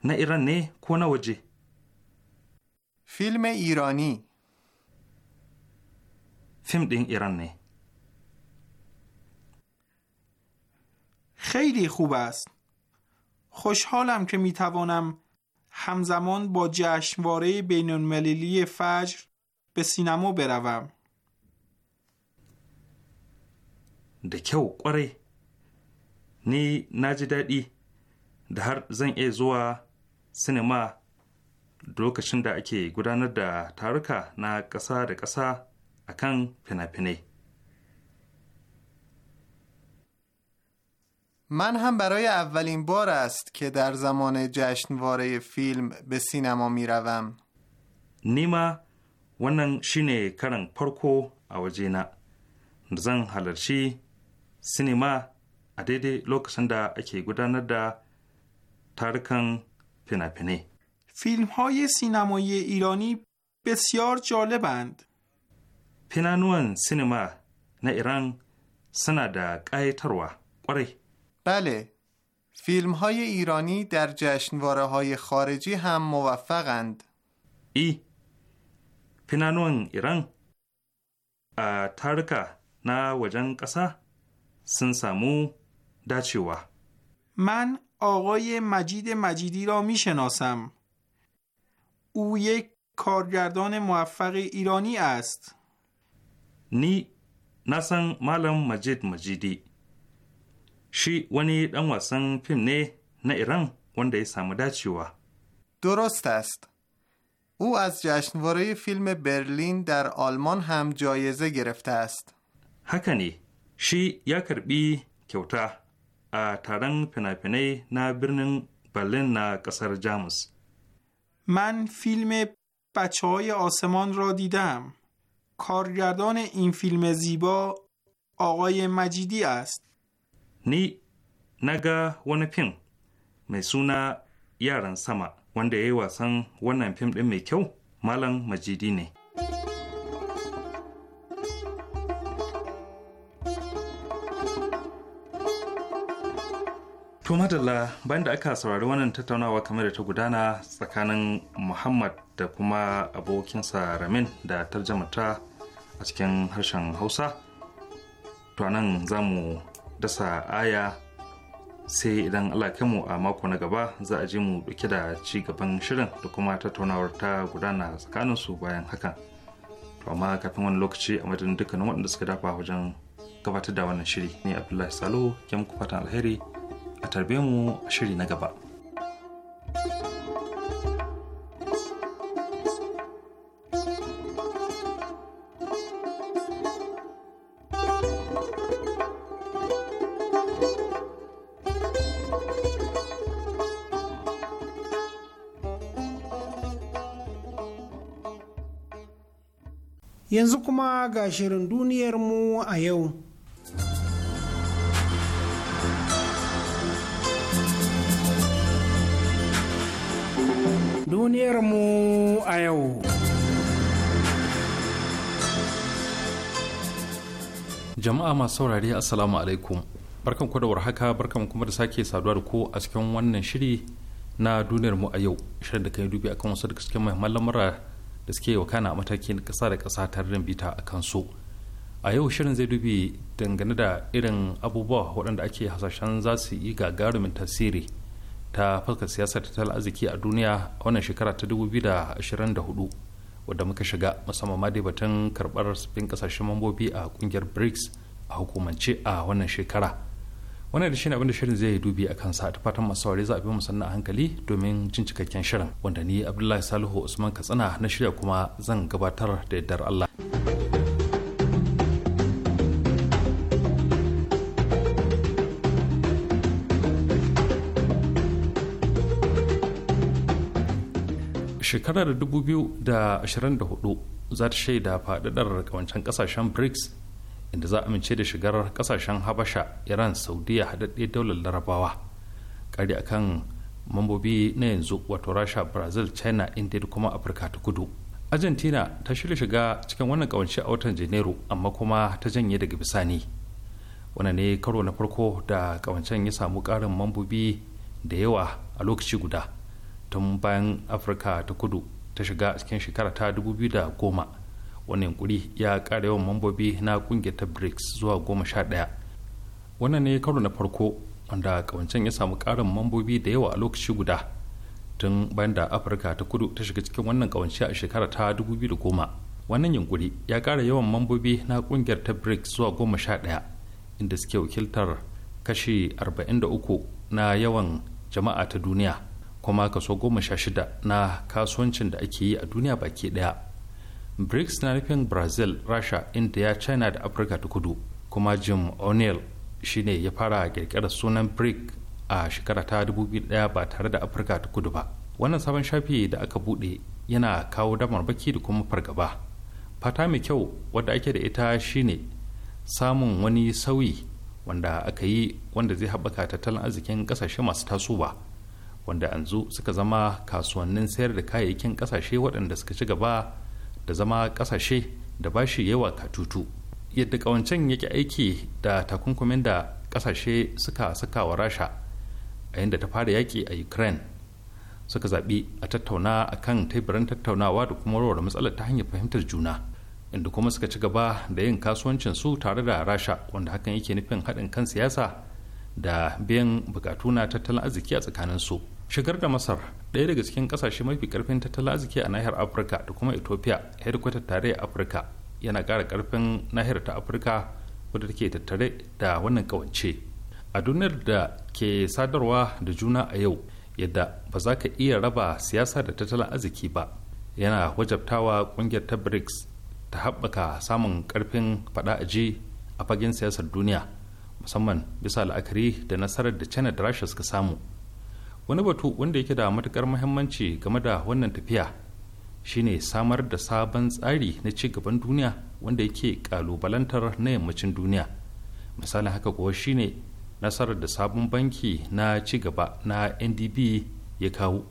نه ایران نی کونه وجه فیلم ایرانی فیلم دین ایران نی خیلی خوب است. خوشحالم که می توانم همزمان با جشنواره بین المللی فجر به سینما بروم. ده کهو نی نجی دادی ده هر زن ایزوه سینما دو کشن اکی گودانه دا تارکه نا کسا دا کسا اکن پنه من هم برای اولین بار است که در زمان جشنواره فیلم به سینما می روم. نیما ونن شینه کرن پرکو اوجینا زن حلرشی سینما ادیده لوکسن اکی گودان دا تارکن پینا پینی فیلم های سینمایی ایرانی بسیار جالبند پینا نون سینما نه ایران سنده دا قای تروه قره بله فیلم های ایرانی در جشنواره های خارجی هم موفقند ای پینانون ایران تارکا نا وجن قسا من آقای مجید مجیدی را می شناسم او یک کارگردان موفق ایرانی است نی نسن مالم مجید مجیدی شی ونی دن واسن فیلم نه نه ایران wanda ya samu dacewa. درست است. او از جشنواره فیلم برلین در آلمان هم جایزه گرفته است. هکنی شی یا کربی کیوتا ا تارن پناپنی نا برنن برلین نا قصر من فیلم بچه های آسمان را دیدم. کارگردان این فیلم زیبا آقای مجیدی است. Ni na ga wani fim mai suna yaran sama wanda ya yi wasan wannan fim ɗin mai kyau Malam Majidi ne. To madalla bayan da aka saurari wannan tattaunawa kamar da ta gudana tsakanin Muhammad da kuma abokinsa Ramin da tarjamata a cikin harshen Hausa. To nan za mu dasa aya sai idan Allah mu a mako na gaba za a ji mu dauke da ci gaban shirin da kuma tattaunawar ta gudana tsakanin su bayan hakan to amma kafin wani lokaci a madadin dukkanin waɗanda suka dafa wajen gabatar da wannan shiri ni abdullahi salo ke muku fatan alheri a tarbe mu a shiri na gaba thank you yanzu kuma ga shirin duniyarmu a yau. Duniyarmu a yau. Jama'a masu saurari Assalamu alaikum. Barkan ku da warhaka barkan kuma da sake saduwa da ku a cikin wannan shiri na duniyarmu a yau. Shirin da kan yi dubi akan wasu daga cikin muhimman lamura da suke wa kana matakin ƙasa da kasa ta bita a kan kansu a yau shirin zai dubi dangane da irin abubuwa waɗanda ake hasashen za su yi gagarumin tasiri ta fuskar siyasar tattalin arziki a duniya a wannan shekara ta 2024 wadda muka shiga musamman ma dai batun karɓar sabbin ƙasashen mambobi a ƙungiyar brics a hukumance a wannan shekara wannan da shine abinda shirin zai yi dubi a kansa ta fatan masu saurare za a bi mu sannan a hankali domin jin cikakken shirin wanda ni abdullahi salihu usman katsina na shirya kuma zan gabatar da yardar allah shekarar 2024 za ta shaida faɗaɗar kawancen ƙasashen brics inda za a amince da shigar kasashen habasha iran saudiya haɗaɗɗe daular larabawa a kan mambobi na yanzu wato rasha brazil china india da kuma afirka ta kudu argentina ta shirya shiga cikin wannan kawance a watan janairu amma kuma ta janye daga bisani wannan ne karo na farko da kawancen ya samu ƙarin mambobi da yawa a lokaci guda tun bayan afirka ta kudu ta shiga cikin shekara ta 2010 wannan yunkuri ya kara yawan mambobi na kungiyar ta brics zuwa goma sha ɗaya wannan ne karo na farko wanda kawancen ya samu karin mambobi da yawa a lokaci guda tun bayan da afirka ta kudu ta shiga cikin wannan kawance a shekara ta goma wannan yunkuri ya kara yawan mambobi na kungiyar ta brics zuwa goma sha ɗaya inda suke wakiltar kashi arba'in da uku na yawan jama'a ta duniya kuma kaso goma sha shida na kasuwancin da ake yi a duniya baki ɗaya brics na nufin brazil rasha india china da afirka ta kudu kuma jim o'neill shine ya fara kirkirar sunan bric a shekara ta 2001 ba tare da afirka ta kudu ba wannan sabon shafi da aka bude yana kawo damar baki da kuma fargaba fata mai kyau wadda ake da ita shine samun wani sauyi wanda aka yi wanda zai haɓaka tattalin arzikin kasashe masu tasowa wanda yanzu suka zama kasuwannin sayar da kayayyakin kasashe waɗanda suka ci gaba da zama kasashe da ba shi yawa katutu yadda kawancen yake aiki da takunkumin da kasashe suka saka wa rasha a yadda ta fara yaki a ukraine suka zaɓi a tattauna a kan teburin tattaunawa da kuma warware matsalar ta hanyar fahimtar juna inda kuma suka ci gaba da yin kasuwancin su tare da rasha wanda hakan yake nufin haɗin kan siyasa da biyan bukatu na tattalin arziki a tsakaninsu su shigar da masar ɗaya daga cikin ƙasashe mafi ƙarfin tattalin arziki a nahiyar afirka da kuma ethiopia tare tarayyar afirka yana ƙara ƙarfin nahiyar ta afirka wadda take tattare da wannan ƙawance a duniyar da ke sadarwa da juna a yau yadda ba za ka iya raba siyasa da tattalin arziki ba yana wajabtawa ƙungiyar ta brics ta haɓaka samun ƙarfin faɗa aji a fagen siyasar duniya musamman bisa la'akari da nasarar da china da rasha suka samu wani batu wanda yake da matukar muhimmanci game da wannan tafiya shine samar da sabon tsari na ci gaban duniya wanda yake kalubalantar na yammacin duniya misalin haka kuwa shine nasarar da sabon banki na ci gaba na ndb ya kawo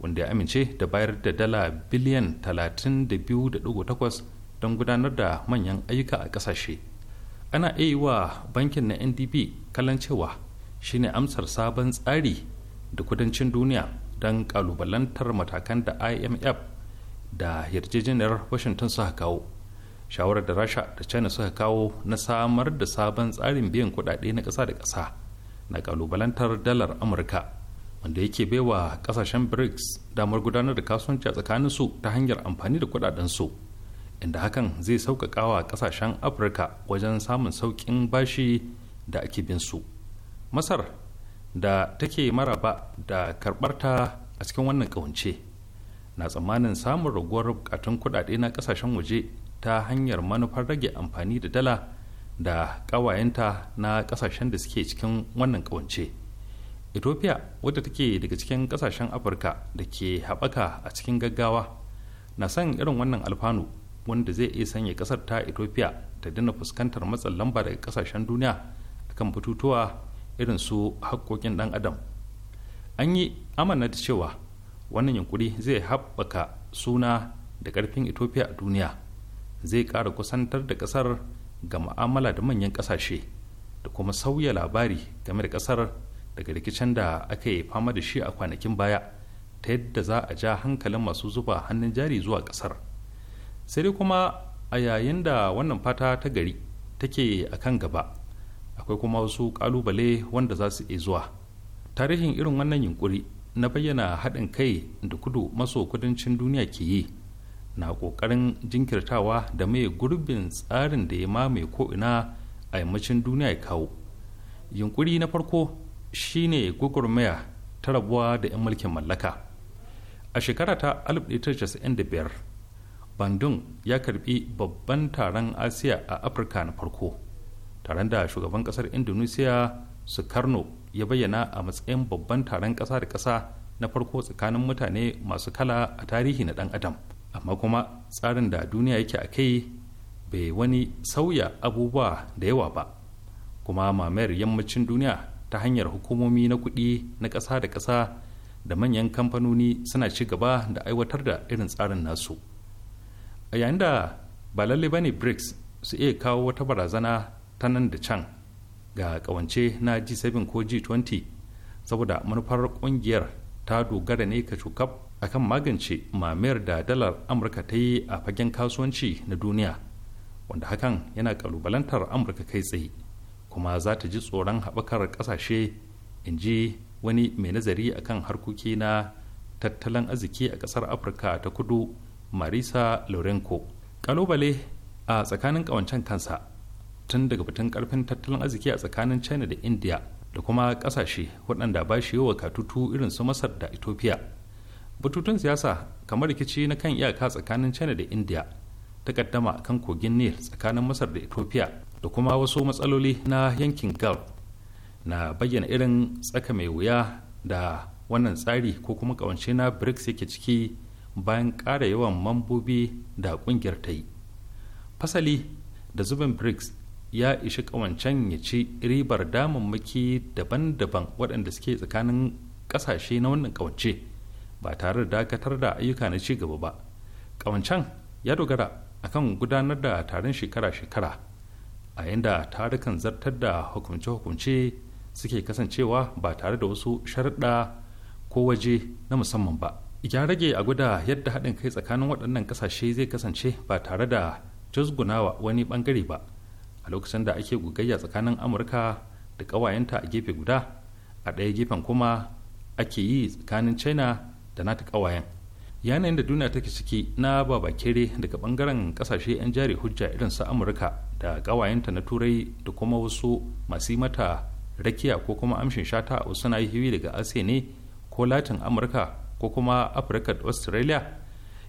wanda ya amince da bayar da dala biliyan 32.8 don gudanar da manyan ayyuka a kasashe ana iya yi wa bankin na ndb kalan cewa shine amsar sabon tsari da kudancin duniya don kalubalantar matakan da imf da yarjejeniyar washington suka kawo shawarar da rasha da china suka kawo na samar da sabon tsarin biyan kudade na ƙasa da ƙasa na kalubalantar dalar amurka wanda yake baiwa kasashen brics damar gudanar da kasuwanci a tsakaninsu ta hanyar amfani da kudadensu inda hakan zai sauƙaƙa wa kasashen afirka wajen samun sauƙin bashi da ake bin su masar da take maraba da karbarta a cikin wannan kawance na tsammanin samun raguwar bukatun kudade na kasashen waje ta hanyar manufar rage amfani da dala da ƙawayenta na kasashen da suke cikin wannan ƙawance ethiopia wadda take daga cikin kasashen afirka da ke haɓaka a cikin gaggawa na son irin wannan alfanu wanda zai iya sanya kasar ta ethiopia ta dina fuskantar matsin lamba daga kasashen duniya akan batutuwa irin su haƙƙoƙin ɗan adam an yi amana da cewa wannan yunkuri zai haɓaka suna da ƙarfin ethiopia a duniya zai ƙara kusantar da ƙasar ga ma'amala da manyan ƙasashe da kuma sauya labari game da ƙasar daga rikicin da aka yi fama da shi a kwanakin baya ta yadda za a ja hankalin masu zuba hannun jari zuwa ƙasar sai dai kuma a yayin da wannan fata ta gari take a kan gaba akwai kuma wasu kalubale wanda za su iya zuwa tarihin irin wannan yunkuri na bayyana haɗin kai da kudu maso kudancin duniya ke yi na ƙoƙarin jinkirtawa da mai gurbin tsarin da ya mamaye ko'ina a yammacin duniya ya kawo yunkuri na farko shine gugurmaya ta rabuwa da 'yan mulkin mallaka a shekara ta 1995 bandung ya karbi babban taron asiya a afirka na farko taron da shugaban kasar indonesia sukarno ya bayyana a matsayin babban taron kasa da kasa na farko tsakanin mutane masu kala a tarihi na dan adam amma kuma tsarin da duniya yake a kai bai wani sauya abubuwa da yawa ba kuma mamayar yammacin duniya ta hanyar hukumomi na kuɗi na kasa da kasa da manyan kamfanoni suna ci gaba da aiwatar da irin tsarin nasu a yayin da ba lalle ba brics su iya kawo wata barazana ta nan da can ga kawance na g7 ko g20 saboda manufar kungiyar ta dogara ne ka cukab kan magance mamayar da dalar amurka ta yi a fagen kasuwanci na duniya wanda hakan yana kalubalantar amurka kai tsaye kuma za ta ji tsoron haɓakar ƙasashe in ji wani mai nazari a kan harkoki na tattalin arziki a ƙasar afirka ta kudu marisa lorenko kalubale a tsakanin ƙawancen kansa tun daga batun karfin tattalin arziki a tsakanin china da india da kuma kasashe waɗanda ba shi yawa katutu irin su masar da ethiopia batutun siyasa kamar rikici na kan iyaka tsakanin china da india takaddama kan kogin nil tsakanin masar da ethiopia da kuma wasu matsaloli na yankin gulf na bayyana irin tsaka mai wuya da wannan tsari ko kuma kawance na brics yake ciki bayan ƙara yawan mambobi da ƙungiyar ta yi fasali da zubin brics ya ishi kawancen ya ci ribar damammaki daban-daban waɗanda suke tsakanin ƙasashe na wannan kawance ba tare da dakatar da ayyuka na ci gaba ba kawancen ya dogara a kan gudanar da taron shekara-shekara a yadda tarukan zartar da hukunce-hukunce suke kasancewa ba tare da wasu sharaɗa ko waje na musamman ba ya rage a guda yadda haɗin kai tsakanin waɗannan ƙasashe zai kasance ba tare da jazgunawa wani ɓangare ba a lokacin da ake gugayya tsakanin amurka da ƙawayenta a gefe guda a ɗaya gefen kuma ake yi tsakanin china da nata kawayen yanayin da duniya take ciki na babakere daga bangaren kasashe 'yan jari hujja irin su amurka da kawayenta na turai da kuma wasu masu mata rakiya ko kuma amshin shata a wasu nahiyoyi daga asiya ne ko latin amurka ko kuma afirka da australia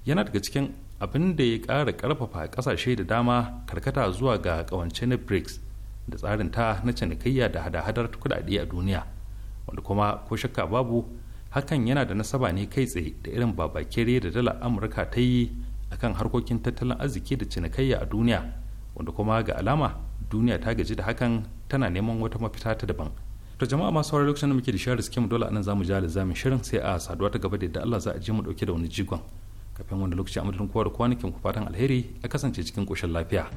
yana daga cikin abin da ya ƙara ƙarfafa ƙasashe da dama karkata zuwa ga ƙawance na brics da tsarin ta na cinikayya da hada-hadar kudade a duniya wanda kuma ko shakka babu hakan yana da nasaba ne kai tsaye da irin babakere da dala amurka ta yi akan harkokin tattalin arziki da cinikayya a duniya wanda kuma ga alama duniya ta gaji da hakan tana neman wata mafita ta daban to jama'a masu sauraron lokacin da muke da shirin mu dole anan ja da zamin shirin sai a saduwa ta gaba da Allah za a je mu dauke da wani jigon kafin wani lokaci a madadin kowa kwanakin ku fatan alheri ya kasance cikin koshin lafiya.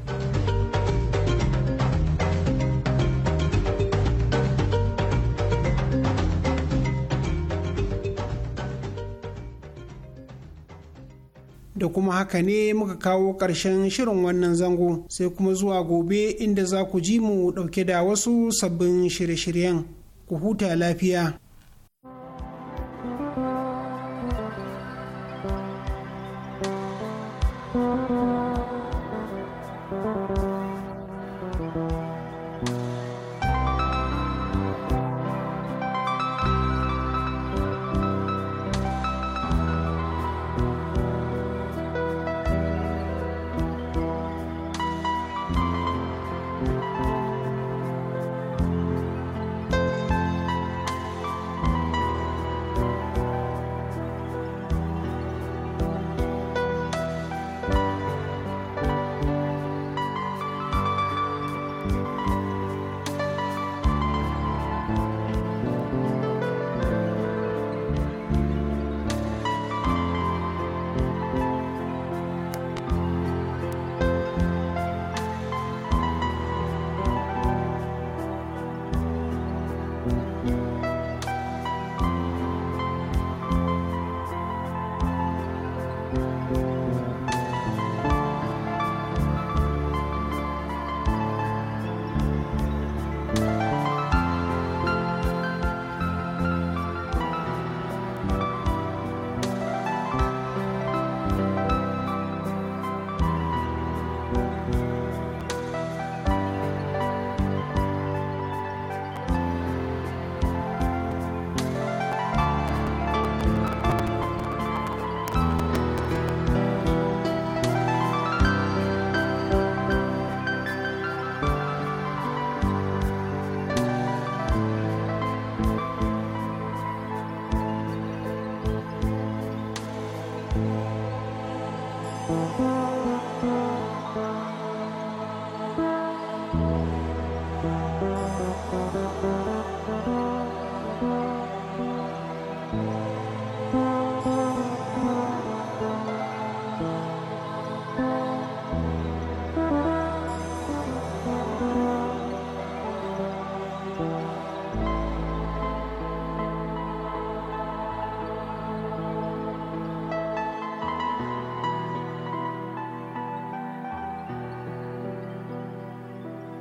da kuma haka ne muka kawo ƙarshen shirin wannan zango sai kuma zuwa gobe inda za ku ji mu ɗauke da wasu sabbin shirye-shiryen ku huta lafiya